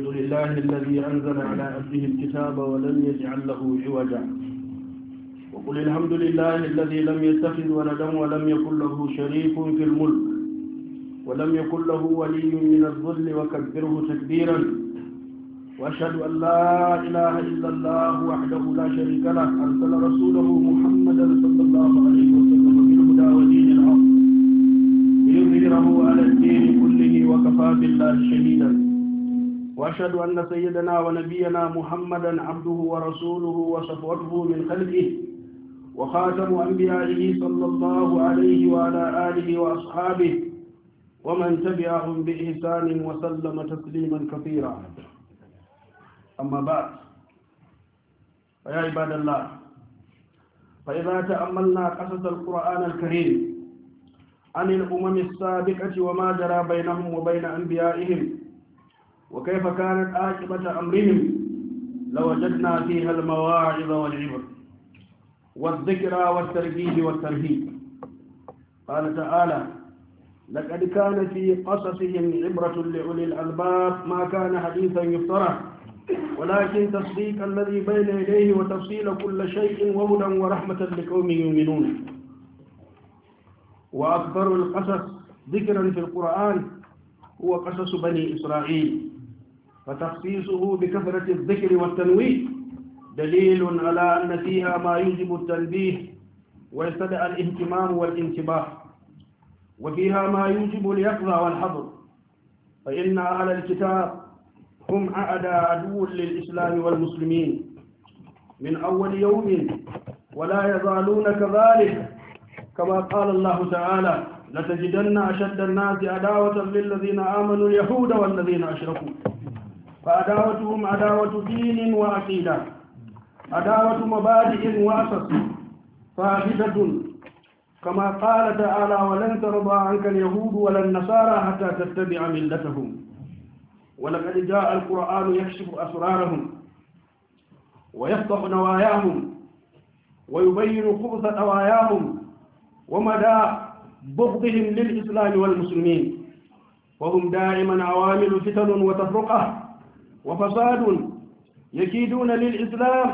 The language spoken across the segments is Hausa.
الحمد لله الذي أنزل على عبده الكتاب ولم يجعل له عوجا وقل الحمد لله الذي لم يتخذ ولدا ولم يكن له شريك في الملك ولم يكن له ولي من الظل وكبره تكبيرا وأشهد أن لا إله إلا الله وحده لا شريك له أرسل رسوله محمدا صلى الله عليه وسلم بالهدى ودين الحق ليظهره على الدين كله وكفى بالله شهيدا وأشهد أن سيدنا ونبينا محمدا عبده ورسوله وصفوته من خلقه وخاتم أنبيائه صلى الله عليه وعلى آله وأصحابه ومن تبعهم بإحسان وسلم تسليما كثيرا أما بعد فيا عباد الله فإذا تأملنا قصص القرآن الكريم عن الأمم السابقة وما جرى بينهم وبين أنبيائهم وكيف كانت عاقبة أمرهم لوجدنا فيها المواعظ والعبر والذكرى والترهيب والترهيب قال تعالى لقد كان في قصصهم عبرة لأولي الألباب ما كان حديثا يفترى ولكن تصديق الذي بين يديه وتفصيل كل شيء وهدى ورحمة لقوم يؤمنون وأكبر القصص ذكرا في القرآن هو قصص بني إسرائيل فتخصيصه بكثرة الذكر والتنويه دليل على أن فيها ما يجب التنبيه ويستدعى الاهتمام والانتباه وفيها ما يوجب اليقظة والحظر فإن أهل الكتاب هم أعدى عدو للإسلام والمسلمين من أول يوم ولا يزالون كذلك كما قال الله تعالى لتجدن أشد الناس عداوة للذين آمنوا اليهود والذين أشركوا فعداوتهم عداوة دين وعقيدة عداوة مبادئ وأسس فاسدة كما قال تعالى ولن ترضى عنك اليهود ولا النصارى حتى تتبع ملتهم ولقد جاء القرآن يكشف أسرارهم ويفتح نواياهم ويبين خبث نواياهم ومدى بغضهم للإسلام والمسلمين وهم دائما عوامل فتن وتفرقة وفساد يكيدون للإسلام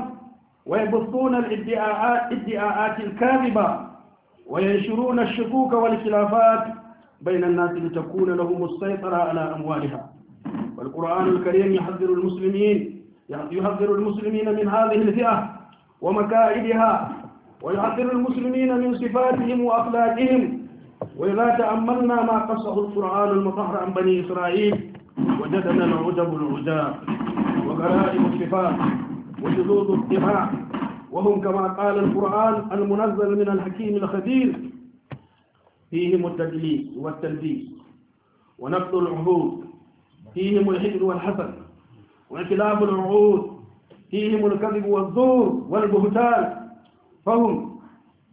ويبثون الادعاءات ادعاءات الكاذبة وينشرون الشكوك والخلافات بين الناس لتكون لهم السيطرة على أموالها والقرآن الكريم يحذر المسلمين يحذر المسلمين من هذه الفئة ومكائدها ويحذر المسلمين من صفاتهم وأخلاقهم وإذا تأملنا ما قصه القرآن المطهر عن بني إسرائيل وجدنا العجب العجاء وغرائب الصفات وشذوذ الدفاع وهم كما قال القرآن المنزل من الحكيم الخبير فيهم التدليس والتلبيس ونقض العهود فيهم الحقد والحسد وانخلاف العهود فيهم الكذب والزور والبهتان فهم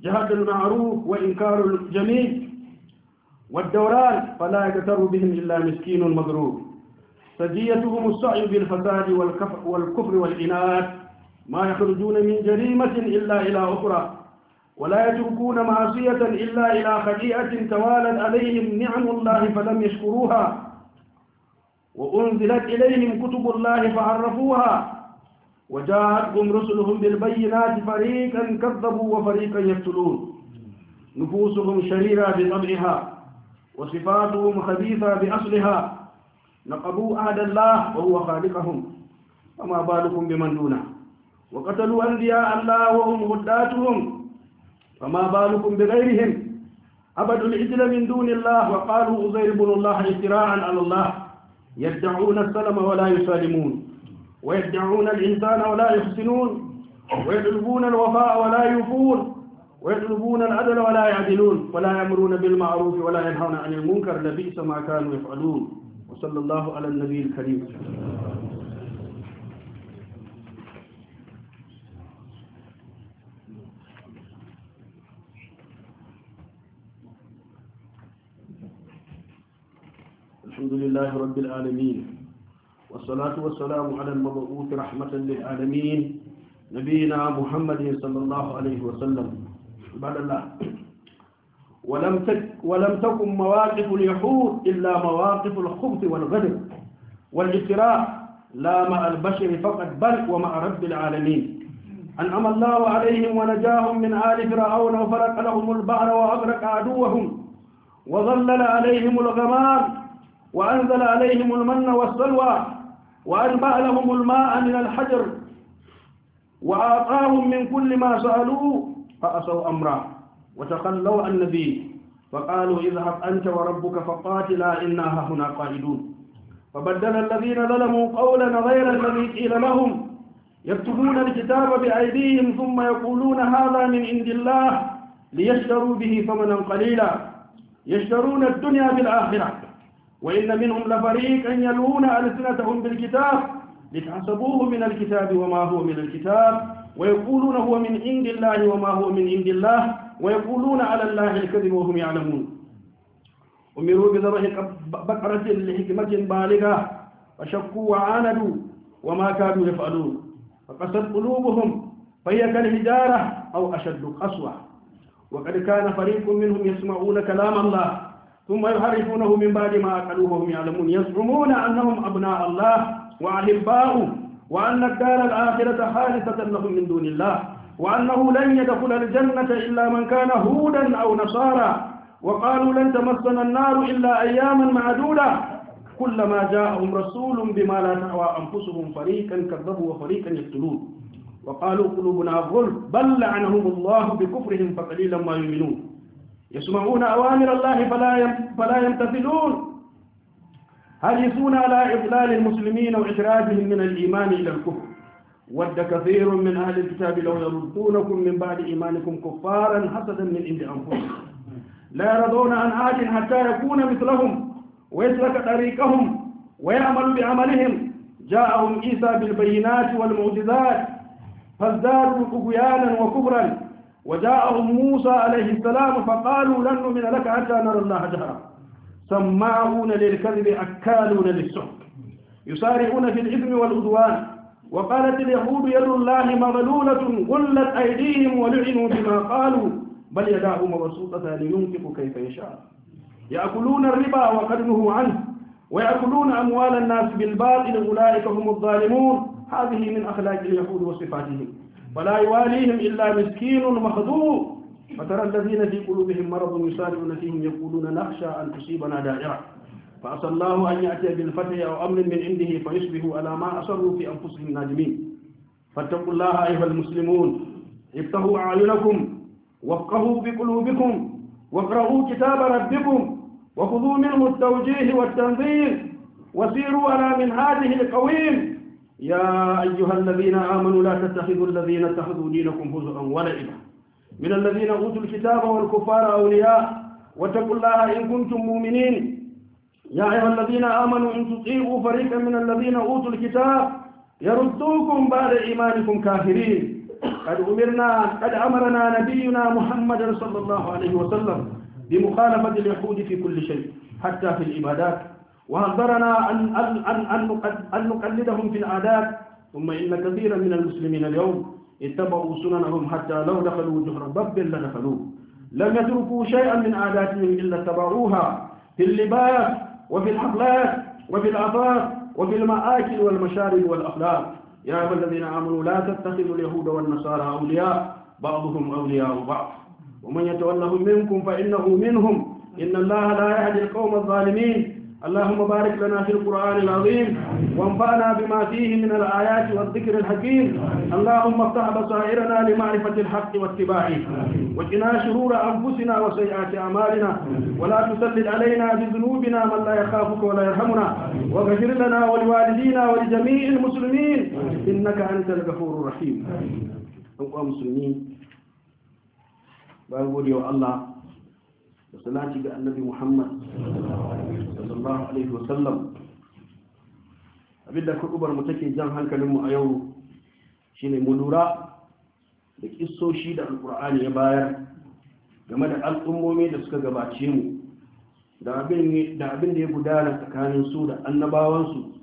جهاد المعروف وإنكار الجميل والدوران فلا يكتر بهم إلا مسكين مضروب فديتهم السعي بالفساد والكفر والعناد ما يخرجون من جريمة إلا إلى أخرى ولا يتركون معصية إلا إلى خطيئة توالت عليهم نعم الله فلم يشكروها وأنزلت إليهم كتب الله فعرفوها وجاءتهم رسلهم بالبينات فريقا كذبوا وفريقا يقتلون نفوسهم شريرة بطبعها وصفاتهم خبيثة بأصلها نقبوا عهد الله وهو خالقهم وما بالكم بمن دونه وقتلوا أنبياء الله وهم غداتهم فما بالكم بغيرهم عبدوا العجل من دون الله وقالوا أزير بن الله اجتراعا على الله يدعون السلم ولا يسالمون ويدعون الإنسان ولا يحسنون ويطلبون الوفاء ولا يوفون ويطلبون العدل ولا يعدلون ولا يأمرون بالمعروف ولا ينهون عن المنكر لبئس ما كانوا يفعلون وصلى الله على النبي الكريم الحمد لله رب العالمين والصلاة والسلام على المبعوث رحمة للعالمين نبينا محمد صلى الله عليه وسلم بعد الله ولم تك ولم تكن مواقف اليحود إلا مواقف الخبث والغدر والافتراء لا مع البشر فقط بل ومع رب العالمين أنعم الله عليهم ونجاهم من آل فرعون وفرق لهم البحر وأغرق عدوهم وظلل عليهم الغمام وأنزل عليهم المن والسلوى وأنبأ لهم الماء من الحجر وأعطاهم من كل ما سألوه فأسوا أمره وتخلوا عن النبي فقالوا اذهب أنت وربك فقاتلا إنا هنا قائدون فبدل الذين ظلموا قولا غير الذي قيل لهم يكتبون الكتاب بأيديهم ثم يقولون هذا من عند الله ليشتروا به ثمنا قليلا يشترون الدنيا بالآخرة وإن منهم لفريقا يلوون ألسنتهم بالكتاب لتحسبوه من الكتاب وما هو من الكتاب ويقولون هو من عند الله وما هو من عند الله ويقولون على الله الكذب وهم يعلمون أمروا بذره بقرة لحكمة بالغة فشكوا وعاندوا وما كانوا يفعلون فقست قلوبهم فهي كالهجارة أو أشد قسوة وقد كان فريق منهم يسمعون كلام الله ثم يحرفونه من بعد ما أقلوه وهم يعلمون يزعمون أنهم أبناء الله وأحباؤه وأن الدار الآخرة خالصة لهم من دون الله وأنه لن يدخل الجنة إلا من كان هودا أو نصارى وقالوا لن تمسنا النار إلا أياما معدودة كلما جاءهم رسول بما لا تعوى أنفسهم فريقا كذبوا وفريقا يقتلون وقالوا قلوبنا غلف بل لعنهم الله بكفرهم فقليلا ما يؤمنون يسمعون أوامر الله فلا فلا يمتثلون يسون على إضلال المسلمين وإخراجهم من الإيمان إلى الكفر ود كثير من أهل الكتاب لو يردونكم من بعد إيمانكم كفارا حسدا من عند أنفسهم لا يرضون عن عاد حتى يكون مثلهم ويسلك طريقهم ويعمل بعملهم جاءهم عيسى بالبينات والمعجزات فازدادوا طغيانا وكبرا وجاءهم موسى عليه السلام فقالوا لن نؤمن لك حتى نرى الله جهرا سماعون للكذب أكالون للسحت يسارعون في الإثم والعدوان وقالت اليهود يد الله مغلولة غلت أيديهم ولعنوا بما قالوا بل يداه مبسوطة لينفق كيف يشاء يأكلون الربا وقد نهوا عنه ويأكلون أموال الناس بالباطل أولئك هم الظالمون هذه من أخلاق اليهود وصفاتهم ولا يواليهم إلا مسكين مخذوع فترى الذين في قلوبهم مرض يسارعون فيهم يقولون نخشى أن تصيبنا دائرة فأسأل الله أن يأتي بالفتح أو أمر من عنده فيصبحوا على ما أسروا في أنفسهم نادمين فاتقوا الله أيها المسلمون افتحوا أعينكم وفقهوا بقلوبكم واقرؤوا كتاب ربكم وخذوا منه التوجيه والتنظير وسيروا على هذه القويم يا أيها الذين آمنوا لا تتخذوا الذين اتخذوا دينكم هزءا ولعبا من الذين أوتوا الكتاب والكفار أولياء واتقوا الله إن كنتم مؤمنين يا أيها الذين آمنوا إن تطيعوا فريقا من الذين أوتوا الكتاب يردوكم بعد إيمانكم كافرين قد أمرنا قد أمرنا نبينا محمد صلى الله عليه وسلم بمخالفة اليهود في كل شيء حتى في العبادات وحذرنا أن أن أن أن نقلدهم في العادات ثم إن كثيرا من المسلمين اليوم اتبعوا سننهم حتى لو دخلوا جهر باب لدخلوه لم يتركوا شيئا من عاداتهم إلا اتبعوها في اللباس وفي الحفلات وفي الآفاق وفي المآكل والمشارب والأخلاق يا أيها الذين آمنوا لا تتخذوا اليهود والنصارى أولياء بعضهم أولياء بعض ومن يتولهم منكم فإنه منهم إن الله لا يهدي القوم الظالمين اللهم بارك لنا في القرآن العظيم وانفعنا بما فيه من الآيات والذكر الحكيم اللهم افتح بصائرنا لمعرفة الحق واتباعه واجنا شرور أنفسنا وسيئات أعمالنا ولا تسلل علينا بذنوبنا من لا يخافك ولا يرحمنا واغفر لنا ولوالدينا ولجميع المسلمين إنك أنت الغفور الرحيم أو مسلمين بأن الله da salati ga annabi muhammad sallallahu alaihi wasallam abinda kuɗubar mu take jan hankalinmu a yau shine mu lura da kissoshi da alkur'ani ya bayar game da al'ummomi da suka gabace mu da abin da ya gudana tsakanin su da annabawansu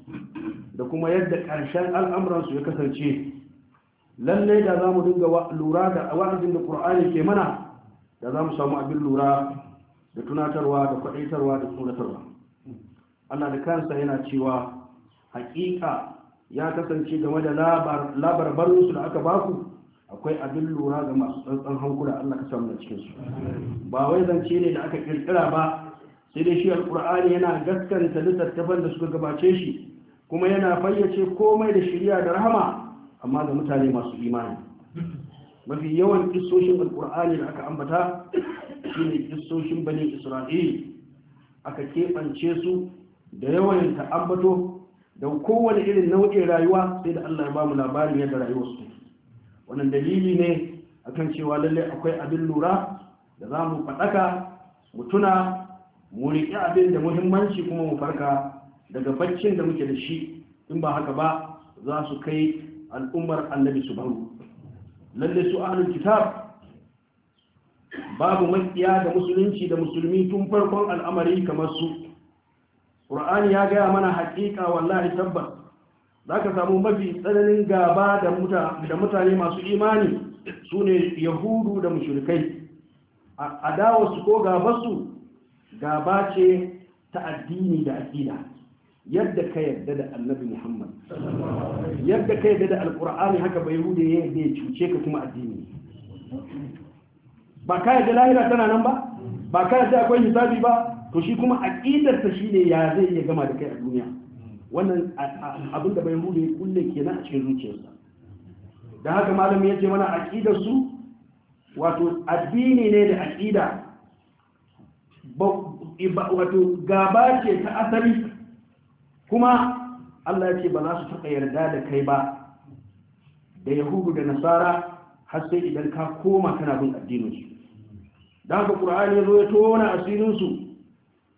da kuma yadda ƙarshen al'amuransu ya kasance lallai da za mu dinga lura da wa'azin da ƙur'ani ke mana da za mu samu abin lura da tunatarwa da kwaɗaitarwa da tunatarwa Allah da kansa yana cewa haƙiƙa ya kasance game da labarbarinsu da aka baku akwai abin lura ga masu tsantsan hankula Allah ka samu da cikinsu ba wai zance ne da aka kirkira ba sai dai shi alƙur'ani yana gaskanta littattafan da suka gabace shi kuma yana fayyace komai da shirya da rahama amma ga mutane masu imani mafi yawan kisoshin alƙur'ani da aka ambata shi ne kistoshin bani isra'il aka keɓance su da yawan ta'abbato da kowane irin nau'in rayuwa sai da allah ya ba mu labarin yadda rayuwar su wannan dalili ne akan cewa lallai akwai abin lura da za mu faɗaka mu tuna mu riƙe abin da muhimmanci kuma mu farka daga baccin da muke da shi in ba haka ba za su kai al'ummar annabi su baro Lallai su ahlul kitab babu makiya da musulunci da musulmi tun farkon al'amari kamar su ƙur'ani ya gaya mana haƙiƙa wallahi tabbas za ka samu mafi tsananin gaba da mutane masu imani su ne yahudu da musulkai a dawarsu ko gabarsu gaba ce ta addini da aƙida yadda ka yadda da annabi muhammad yadda ka yadda da alƙur'ani haka bai hude ya cuce ka kuma addini ba ka yadda lahira tana nan ba ba ka yadda akwai hisabi ba to shi kuma shi shine ya zai iya gama da kai a duniya wannan abin da bai rude kulle kenan a cikin zuciyarsa da haka malami yace mana aƙidar su wato addini ne da aqida wato gaba ce ta asali kuma Allah ya ce ba za su taɓa yarda da kai ba da yahudu da nasara har sai idan ka koma kana bin su da haka ƙur'ani ya zo ya tona asirinsu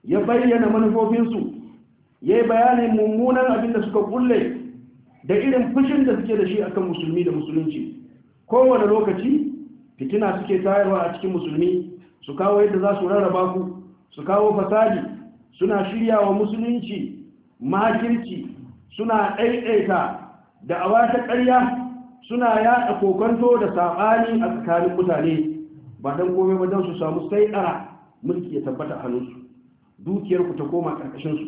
ya bayyana manufofinsu ya yi bayanin mummunan abinda suka kulle da irin fushin da suke da shi akan musulmi da musulunci kowane lokaci fitina suke tayarwa a cikin musulmi su kawo yadda za su rarraba ku su kawo fasadi suna shirya wa musulunci makirci suna ɗaiɗaita da awata ta ƙarya suna yaɗa kokonto da saɓani a tsakanin mutane ba dan komai ba dan su samu sai ara mulki ya tabbata a hannunsu dukiyar ku ta koma karkashin su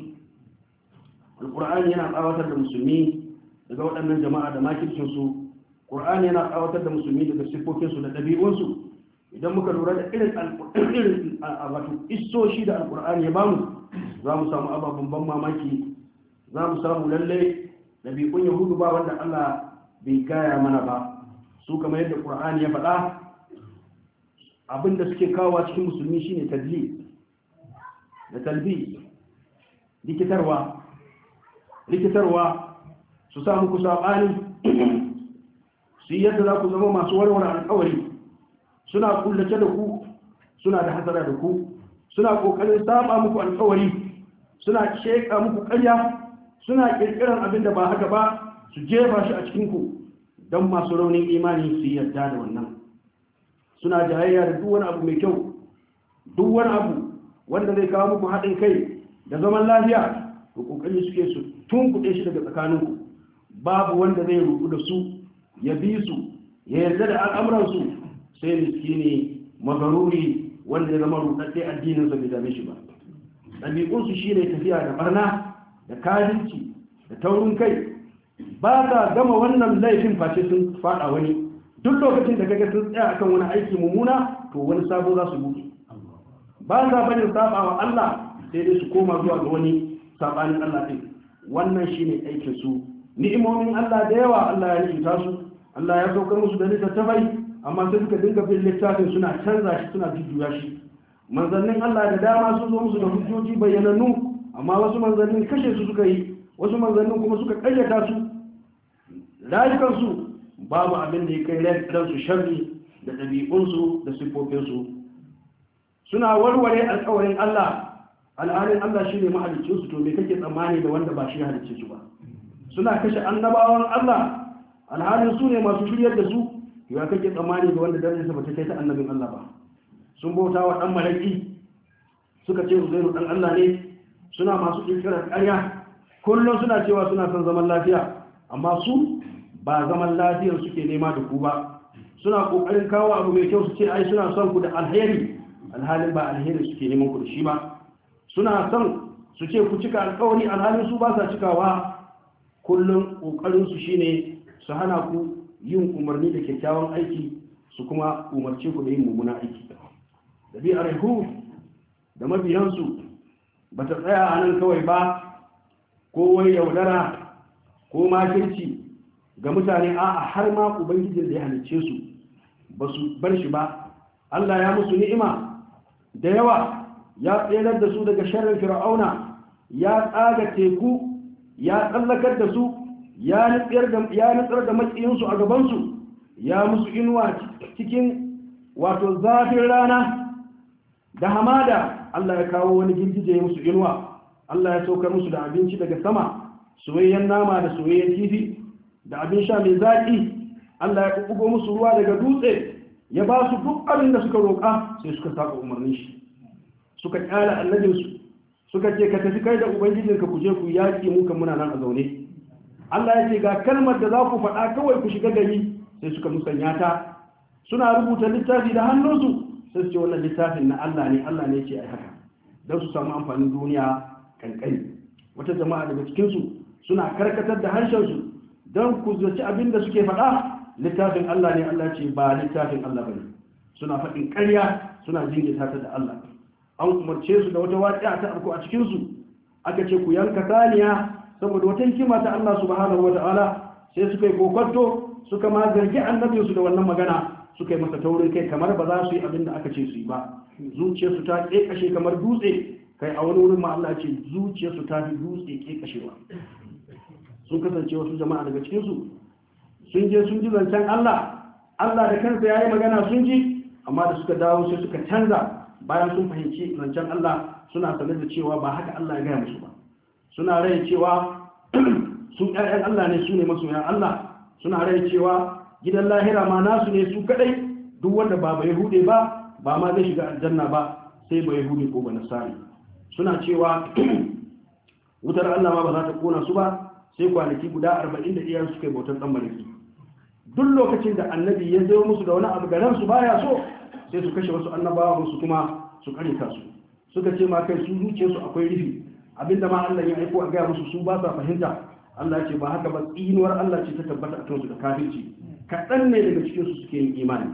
alqur'ani yana tsawatar da musulmi daga waɗannan jama'a da makircin su qur'ani yana tsawatar da musulmi daga sifofin su da dabi'un su idan muka lura da irin alqur'ani wato isoshi da alqur'ani ya bamu za mu samu ababen ban mamaki za mu samu lalle dabi'un yahudu ba wanda Allah bai gaya mana ba su kamar yadda qur'ani ya faɗa abin da suke kawo cikin musulmi shine talbi da talbi likitarwa likitarwa su sa muku sabani su yadda za ku zama masu warware alƙawari suna kullace da ku suna da hasara da ku suna ƙoƙarin saba muku alƙawari suna sheka muku ƙarya suna ƙirƙirar abin da ba haka ba su jefa shi a cikinku don masu raunin imani su yadda da wannan suna jayayya da duk wani abu mai kyau duk wani abu wanda zai kawo muku haɗin kai da zaman lafiya to kokari suke su tunkuɗe shi daga tsakaninku babu wanda zai rubu da su ya bi su ya yarda da al'amuransu sai miskini magaruri wanda ya zama rudadde addinin sa bai dame shi ba ɗabi'unsu shi ne tafiya da barna da kajinci da taurin kai ba sa gama wannan laifin face sun faɗa wani duk lokacin da kaga sun tsaya akan wani aiki mummuna to wani sabo za su buɗe ba za barin saba wa Allah sai dai su koma zuwa ga wani sabanin Allah din wannan shine aikin su ni'imomin Allah da yawa Allah ya rubuta su Allah ya saukar musu da littattafai amma sai suka dinga bin littafin suna canza shi suna jujjuya shi manzannin Allah da dama sun zo musu da hujjoji bayyanannu amma wasu manzannin kashe su suka yi wasu manzannin kuma suka ƙayyata su rayukansu babu abin da ya kai ransu sharri da ɗabi'unsu da siffofinsu suna warware alƙawarin Allah al'adun Allah shi ne mahalicinsu to me kake tsammani da wanda ba shi halicce su ba suna kashe annabawan Allah al'arin su ne masu shiryar da su ya kake tsammani da wanda darajarsa ba ta kai ta annabin Allah ba sun bauta wa ɗan malaki suka ce uzairu ɗan Allah ne suna masu ƙirƙirar ƙarya kullum suna cewa suna son zaman lafiya amma su ba zaman lafiyar suke nema da ku ba suna kokarin kawo abu mai kyau su ce ai suna son ku da alheri alhalin ba alheri suke neman ku da shi ba suna son su ce ku cika alkawari alhalin su ba sa cikawa kullum kokarin su shine su hana ku yin umarni da kyakkyawan aiki su kuma umarci ku da yin mummuna aiki Da dabi'ar arihu da mabiyansu ba ta tsaya a nan kawai ba ko wani yaudara ko makirci ga mutane a har ma ubangijin da ya halicce su ba su bar shi ba Allah ya musu ni'ima da yawa ya tsayar da su daga sharrin fir'auna ya tsaga teku ya tsallakar da su ya nutsar da matsayinsu a gabansu ya musu inuwa cikin wato zafin rana da hamada Allah ya kawo wani girgije musu inuwa Allah ya saukar musu da abinci daga sama soyayyen nama da soyayyen kifi da abin sha mai zaƙi Allah ya kuɓugo musu ruwa daga dutse ya ba su duk abin da suka roƙa sai suka saba umarnin shi suka ƙyala annabinsu suka ce ka tafi kai da ubangijin ka kuje ku yaƙi mu kan muna nan a zaune Allah ya ce ga kalmar da za ku faɗa kawai ku shiga gari sai suka musanya ta suna rubuta littafi da hannunsu sai su ce wannan littafin na Allah ne Allah ne ce ai haka don su samu amfanin duniya kankani wata jama'a daga cikinsu suna karkatar da harshen su. don ku zoci abin da suke faɗa littafin Allah ne Allah ce ba littafin Allah bane suna faɗin ƙarya suna jingita ta da Allah an umarce su da wata waƙiya ta arko a cikin su aka ce ku yanka saniya saboda wata hikima ta Allah subhanahu ta'ala, sai suka yi kokonto suka ma zargi annabin su da wannan magana suka yi masa taurin kai kamar ba za su yi abin da aka ce su yi ba zuciyarsu ta ƙeƙashe kamar dutse kai a wani wurin ma Allah ce zuciyarsu ta fi dutse ƙeƙashewa sun kasance wasu jama'a daga cikinsu sun je sun ji zancen Allah Allah da kansa ya yi magana sun ji amma da suka dawo sai suka canza bayan sun fahimci zancen Allah suna sanar da cewa ba haka Allah ya gaya musu ba suna rai cewa sun ƴaƴan Allah ne su ne masoyan Allah suna rai cewa gidan lahira ma nasu ne su kadai duk wanda ba bai hude ba ba ma zai shiga aljanna ba sai bai hude ko ba nasari suna cewa wutar Allah ma ba za ta kona su ba sai kwanaki guda arba'in da iyayen suke yi bautar ɗan maliki duk lokacin da annabi ya zo musu da wani abu ga su baya so sai su kashe wasu annabawa musu kuma su karita su suka ce ma kai su zuciya su akwai rufi abinda ma Allah ya aiko a gaya musu su ba sa fahimta Allah ce ba haka ba tsinuwar Allah ce ta tabbata a kansu da kafirci kaɗan ne daga cikin su suke yin imani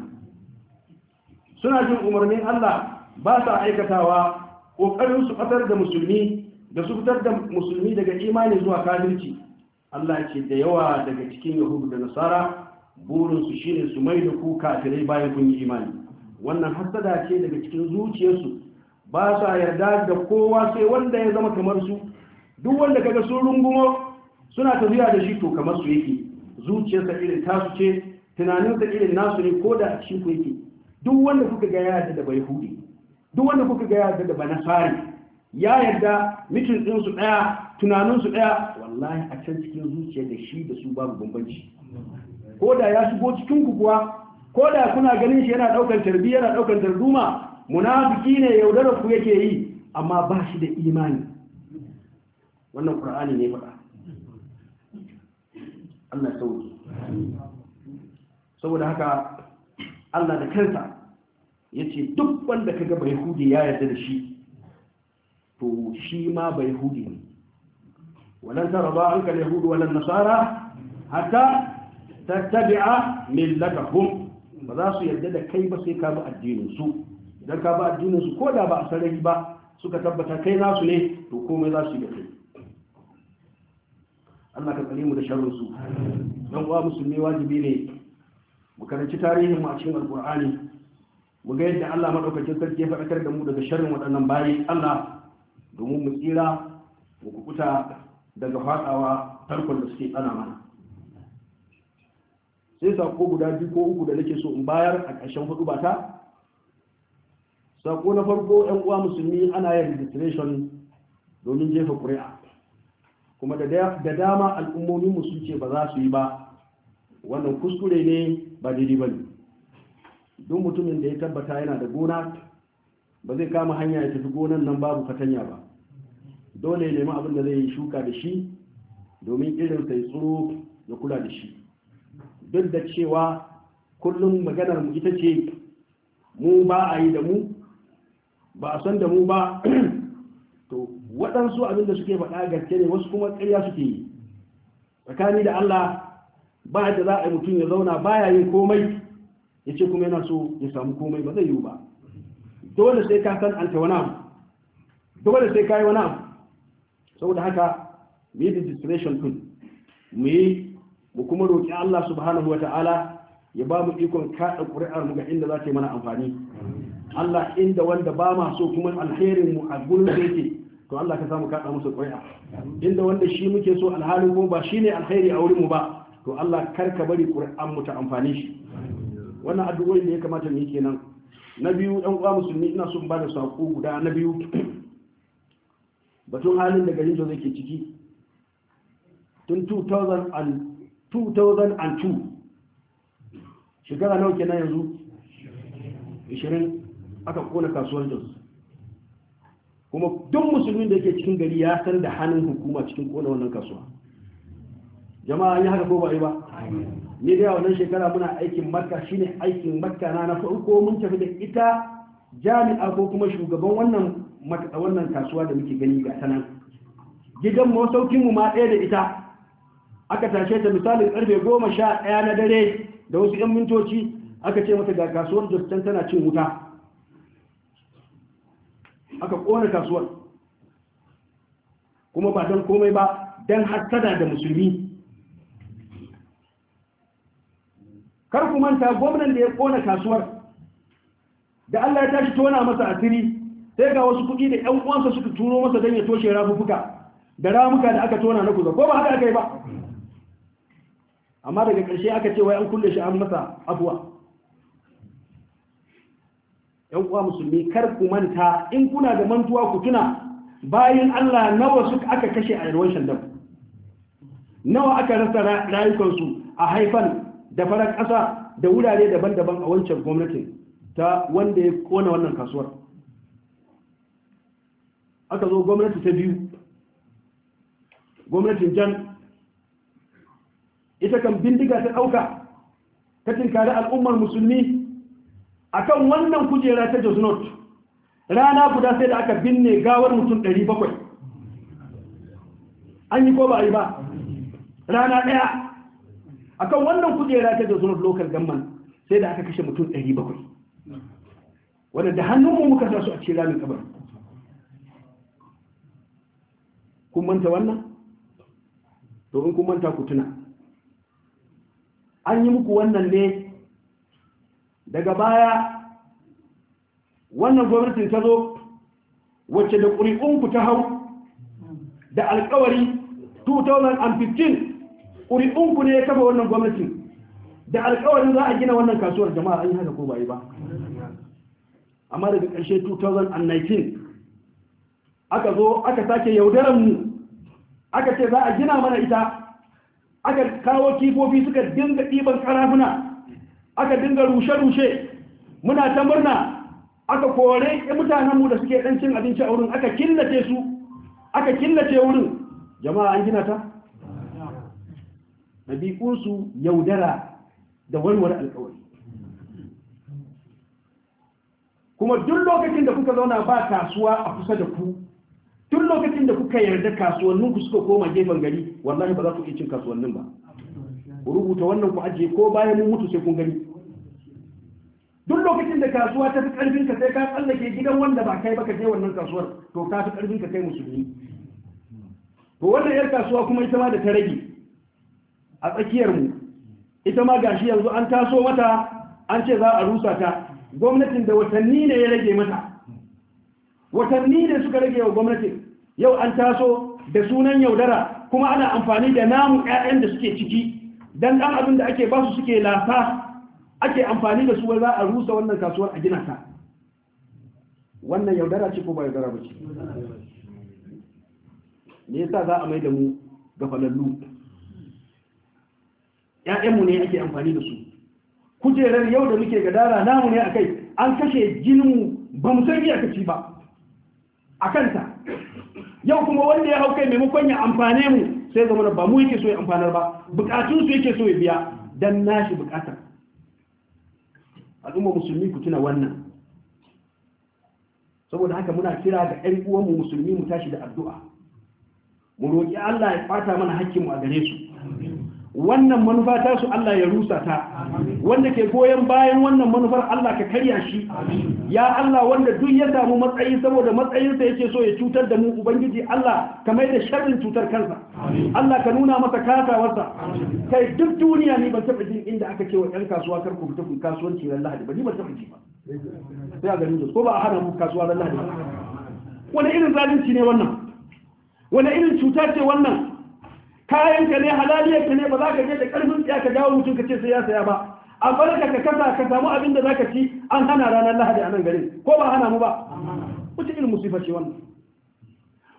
suna jin umarnin Allah ba sa aikatawa ƙoƙarin su fitar da musulmi da su fitar da musulmi daga imani zuwa kafirci Allah ce da yawa daga cikin yahudu da nasara burinsu shine su mai da ku kafirai bayan kun yi imani wannan hasada ce daga cikin zuciyarsu ba su yarda da kowa sai wanda ya zama kamar su duk wanda kaga sun rungumo suna tafiya da shi to kamar su yake zuciyarsa irin tasu ce tunaninsa irin nasu ne ko da shi ku yake duk wanda kuka ga ya da bai hudi duk wanda kuka ga ya yarda da banasari ya yarda mitin daya ɗaya tunaninsu ɗaya wallahi a can cikin zuciya da shi da su babu bambanci ko da ya shigo cikin ku kuwa ko da kuna ganin shi yana daukar tarbi yana daukar darduma munafiki ne yaudarar ku yake yi amma ba shi da imani wannan qur'ani ne faɗa Allah sauki saboda haka Allah da kansa yace duk wanda kaga bai hude ya yarda da shi to shi ma bai hudu ne ta taraba an kal hudu walan nasara hatta tattabi'a millatahum ba za su yarda da kai ba sai ka bi addinin su idan ka bi addinin su ko da ba a sarari ba suka tabbata kai nasu ne to komai za su yi da kai Allah ka tsare mu da sharrin su dan uwa musulmi wajibi ne mu karanci tarihin mu a cikin alqur'ani mu ga yadda Allah madaukakin sarki ya faɗakar da mu daga sharrin waɗannan bayi Allah domin mu tsira mu kukuta daga fadawa tarkon da suke tsana mana sai sako guda biyu ko uku da nake so in bayar a ƙarshen hudu ba ta sako na farko yan uwa musulmi ana yin registration domin jefa ƙuri'a kuma da dama al'ummomin musu ce ba za su yi ba wannan kuskure ne ba daidai ba ne duk mutumin da ya tabbata yana da gona ba zai kama hanya ya tafi gonan nan babu fatanya ba dole ya nemi abin da zai yi shuka da shi domin irin sai tsoro ya kula da shi duk da cewa kullum maganar mu ita ce mu ba a yi da mu ba a san da mu ba to waɗansu abin da suke faɗa gaske ne wasu kuma ƙarya suke yi tsakani da Allah ba da za a yi mutum ya zauna ba ya yin komai ya ce kuma yana so ya samu komai ba zai yiwu ba dole sai ka san anta wani dole sai ka yi wani abu saboda haka mu yi registration tun, mu yi mu kuma roƙi Allah subhanahu ta'ala ya ba mu ikon kaɗa ƙuri'ar mu ga inda za ta yi mana amfani Allah inda wanda ba ma so kuma alherin mu a gurin da yake to Allah ka samu kaɗa musu ƙuri'a inda wanda shi muke so alhalin kuma ba shi ne alheri a wurin mu ba to Allah kar ka bari ƙuri'an mu ta amfani shi wannan addu'o'in da ya kamata mu yi kenan na biyu ɗan uwa musulmi ina son ba da saƙo guda na biyu batun halin da garin zai ke ciki tun 2002 shekara nawa kenan yanzu 20 aka kona kasuwar Jos kuma duk musulmin da yake cikin gari ya san da hannun hukuma cikin kona wannan kasuwa jama'a yi haka ko ba yi ba ne da yawon shekara muna aikin makka shine aikin makka na na farko mun tafi da ita jami'a ko kuma shugaban wannan mata wannan kasuwa da muke gani ga sanan gidan masaukin mu ma ɗaya da ita aka tashe ta misalin karfe 11 na dare da wasu 'yan mintoci aka ce mata ga kasuwar Jos tana cin wuta aka kona kasuwar kuma ba don komai ba don hassada da musulmi kar ku manta gwamnan da ya kona kasuwar da Allah ya tashi tona masa asiri sai ga wasu kuɗi da ƴan uwansa suka turo masa don ya toshe rafuffuka da ramuka da aka tona na kuza ko ba haka aka yi ba amma daga ƙarshe aka ce wai an kulle shi an masa abuwa ƴan uwa musulmi kar ku manta in kuna da mantuwa ku tuna bayan Allah nawa suka aka kashe a yarwan shandam nawa aka rasa rayukansu a haifan da farar ƙasa da wurare daban-daban a wancan gwamnatin ta wanda ya kona wannan kasuwar aka zo gwamnati ta biyu gwamnatin jan ita kan bindiga ta ɗauka ta tinkari al'ummar musulmi akan wannan kujera ta josnot rana guda sai da aka binne gawar mutum 700 an yi ko ba a yi ba rana ɗaya akan wannan kujera ta josnot local gamman sai da aka kashe mutum 700 wadda da hannunmu muka sa su a cikin ramin kabarin kun manta wannan to in kun manta ku tuna an yi muku wannan ne daga baya wannan gwamnatin ta zo wacce da ƙuri'unku ta hau da alƙawari 2015 ƙuri'unku ne ya kafa wannan gwamnatin da alƙawarin za a gina wannan kasuwar jama'a an yi haka ko ba yi ba amma daga ƙarshe 2019 aka zo aka sake yaudaran mu aka ce za a gina mana ita aka kawo kifofi suka dinga ɗiban karafuna aka dinga rushe-rushe muna ta murna aka kore mutanenmu da suke ɗan cin abinci a wurin aka killace su aka killace wurin jama'a an gina ta? ɗabi'unsu yaudara da warware alkawari kuma duk lokacin da kuka zauna ba kasuwa a kusa da ku tun lokacin da kuka yarda kasuwannin ku suka koma gefen gari wallahi ba za ku iya cin kasuwannin ba ku rubuta wannan ku ajiye ko bayan mun mutu sai kun gani duk lokacin da kasuwa ta fi karfin ka sai ka tsallake gidan wanda ba kai ba ka je wannan kasuwar to ka fi karfin ka kai musulmi to wannan yar kasuwa kuma ita ma da ta rage a tsakiyar mu ita ma gashi yanzu an taso mata an ce za a rusa ta gwamnatin da watanni ne ya rage mata watanni ne suka rage wa gwamnatin yau an taso da sunan yaudara kuma ana amfani da namu ƴaƴan da suke ciki don ɗan abin da ake basu suke lafa ake amfani da su za a rusa wannan kasuwar a gina ta wannan yaudara ce ko ba yaudara ba ce me yasa za a mai da mu ga falallu Ƴaƴan mu ne ake amfani da su kujerar yau da muke gadara namu ne a kai an kashe mu ba mu san iya kaci ba a kanta yau kuma wanda ya hau kai maimakon ya amfane mu sai zama ba mu yake so ya amfanar ba bukatun su yake so ya biya dan nashi bukatar al'umma musulmi ku tuna wannan saboda haka muna kira ga ƴan uwanmu musulmi mu tashi da addu'a mu roƙi Allah ya fata mana mu a gare su wannan manufa ta su Allah ya rusa ta wanda ke goyon bayan wannan manufar Allah ka karya shi ya Allah wanda duk ya samu matsayi saboda matsayinsa yake so ya cutar da mu ubangiji Allah ka mai da sharrin cutar kansa Allah ka nuna masa katawarsa kai duk duniya ni ban taɓa jin inda aka ce wa ƴan kasuwa kar ku fita ku kasuwanci ran Lahadi ba ni ban taɓa ji ba sai a garin ko ba a hana mu kasuwa ran Lahadi wani irin zalunci ne wannan wani irin cuta ce wannan kayan ka ne halaliyar ka ne ba za ka je da karfin tsaya ka dawo mutum ka ce sai ya saya ba a barka ka kasa ka samu abin da za ka ci an hana ranar lahadi a nan garin ko ba hana mu ba wace irin musifa ce wannan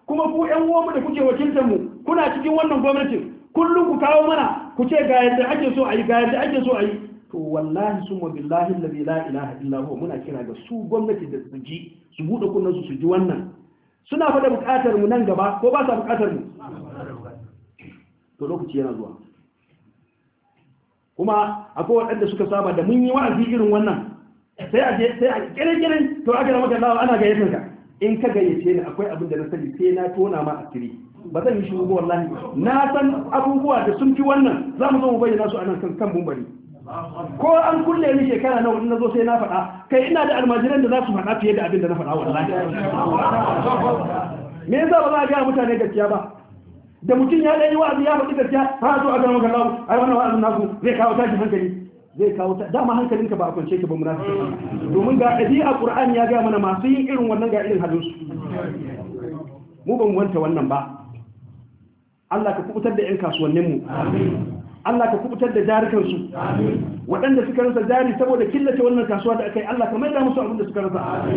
kuma ku yan uwanmu da kuke wakiltar mu kuna cikin wannan gwamnatin kullum ku kawo mana ku ce ga yadda ake so a yi ga yadda ake so a yi to wallahi summa billahi la ilaha illa muna kira ga su gwamnati da su ji su bude kunnen su su ji wannan suna fada bukatar mu nan gaba ko ba sa bukatar mu to lokaci yana zuwa kuma akwai waɗanda suka saba da mun yi wa'azi irin wannan sai a je sai a kire to aka maka Allah ana ga ka in ka gayyace ni akwai abin da na sani sai na tona ma a tire ba zan yi shugo ba wallahi na san abubuwa da sun fi wannan za mu zo mu bayyana su a nan kan kan bumbari ko an kulle ni shekara nawa in nazo sai na faɗa kai ina da almajiran da za su faɗa fiye da abin da na faɗa wallahi me yasa ba za a ga mutane gaskiya ba da mutum ya ɗanyi wa'azi ya faɗi gaskiya ha zo a gano maka lawo ai wannan wa'azin naku zai kawo tashin hankali zai kawo ta dama hankalinka ba a kwance ka ba munafiki domin ga ɗabi'a qur'ani ya ga mana masu yin irin wannan ga irin halin su mu ban wanta wannan ba Allah ka kubutar da 'yan kasuwanninmu. Amin. Allah ka kubutar da jarikan su waɗanda suka rasa jari saboda killace wannan kasuwa da yi, Allah ka maida musu abin da suka rasa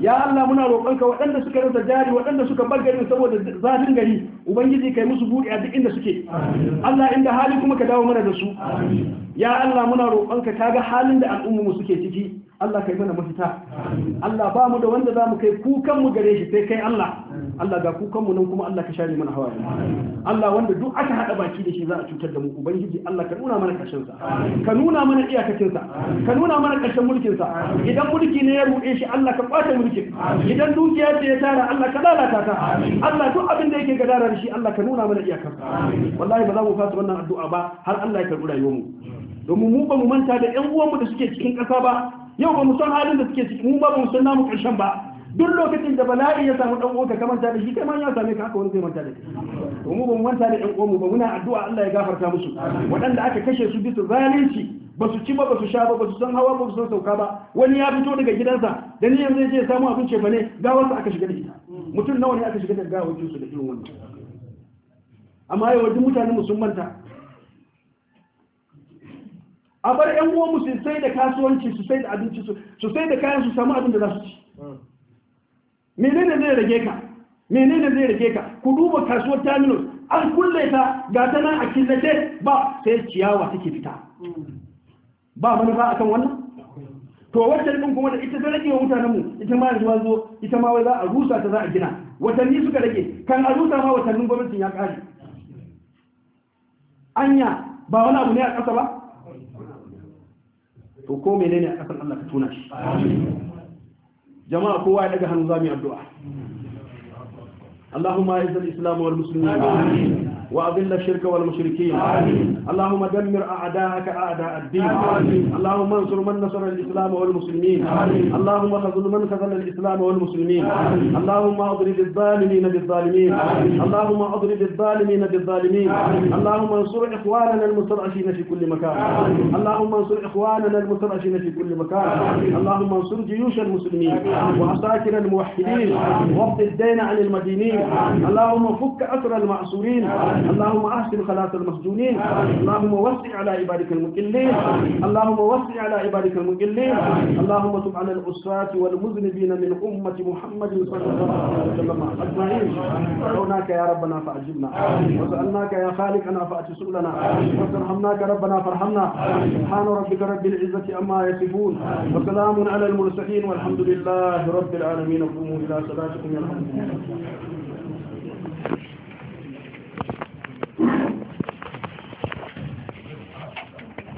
ya Allah muna roƙonka waɗanda suka rasa jari waɗanda suka bar garin saboda zafin gari ubangiji kai musu buɗe a duk inda suke Allah inda hali kuma ka dawo mana da su ya Allah muna roƙonka kaga halin da al'ummu suke ciki Allah kai mana mafita Allah ba mu da wanda za mu kai kukan mu gare shi sai kai Allah Allah ga kukan mu nan kuma Allah ka share mana hawaye Allah wanda duk aka hada baki da shi za a cutar da mu ubangiji Allah ka nuna mana karshen sa ka nuna mana iyakacin sa ka nuna mana karshen mulkin sa idan mulki ne ya ruɗe shi Allah ka kwace mulkin idan dukiya ce ya tara Allah ka lalata ta Allah duk abin da yake gadara da shi Allah ka nuna mana iyakar wallahi ba za mu fasa wannan addu'a ba har Allah ya karɓi rayuwar mu domin mu ba mu manta da ƴan uwanmu da suke cikin ƙasa ba yau ba mu san halin da suke ciki mu ba mu san namu ƙarshen ba duk lokacin da bala'i ya samu dan uwanka kamar manta da shi kai ma ya same ka haka wani zai manta da to mu ban manta da ɗan uwan mu ba muna addu'a Allah ya gafarta musu waɗanda aka kashe su bisa zalunci ba su ci ba ba su sha ba ba su san hawa ba su san sauka ba wani ya fito daga gidansa da ni yanzu ya je samu abin ce ba ne gawarsa aka shiga da ita mutum nawa ne aka shiga da gawar su da irin wannan amma yawancin mutanen sun manta a bar yan uwanmu su sai da kasuwanci su sai da abinci su sai da kayan su samu abin da za su ci menene zai rage ka menene zai rage ka ku duba kasuwar terminus an kulle ta ga ta nan a killace ba sai ciyawa take fita ba ba akan wannan to wacce din kuma da ita ta rage wa mutanen mu ita ma da zo ita ma wai za a rusa ta za a gina watanni suka rage kan a rusa ma watannin gwamnatin ya kare anya ba wani abu ne a ƙasa ba to ko menene a kasar Allah ka tuna shi jama'a kowa ya daga hannu za mu yi addu'a Allahumma izzil islam wal muslimin وأضل الشرك والمشركين آمين. اللهم دمر أعداءك أعداء الدين آمين. اللهم انصر من نصر الإسلام والمسلمين آمين. اللهم خذل من خذل الإسلام والمسلمين آمين. اللهم أضرب الظالمين بالظالمين آمين. اللهم أضرب الظالمين بالظالمين آمين. اللهم انصر إخواننا المستضعفين في كل مكان آمين. اللهم انصر إخواننا المستضعفين في كل مكان آمين. اللهم انصر جيوش المسلمين وعساكر الموحدين واقض الدين عن المدينين آمين. اللهم فك أسر المعصورين آمين. اللهم أحسن خلاص المسجونين اللهم وسع على عبادك المقلين اللهم وسع على عبادك المقلين اللهم تب على الأسرات والمذنبين من أمة محمد صلى الله عليه وسلم أجمعين دعوناك يا ربنا فأجبنا وسألناك يا خالقنا فأتسؤلنا وارحمناك ربنا فارحمنا سبحان ربك رب العزة أما يصفون وسلام على المرسلين والحمد لله رب العالمين قوموا إلى صلاتكم يرحمكم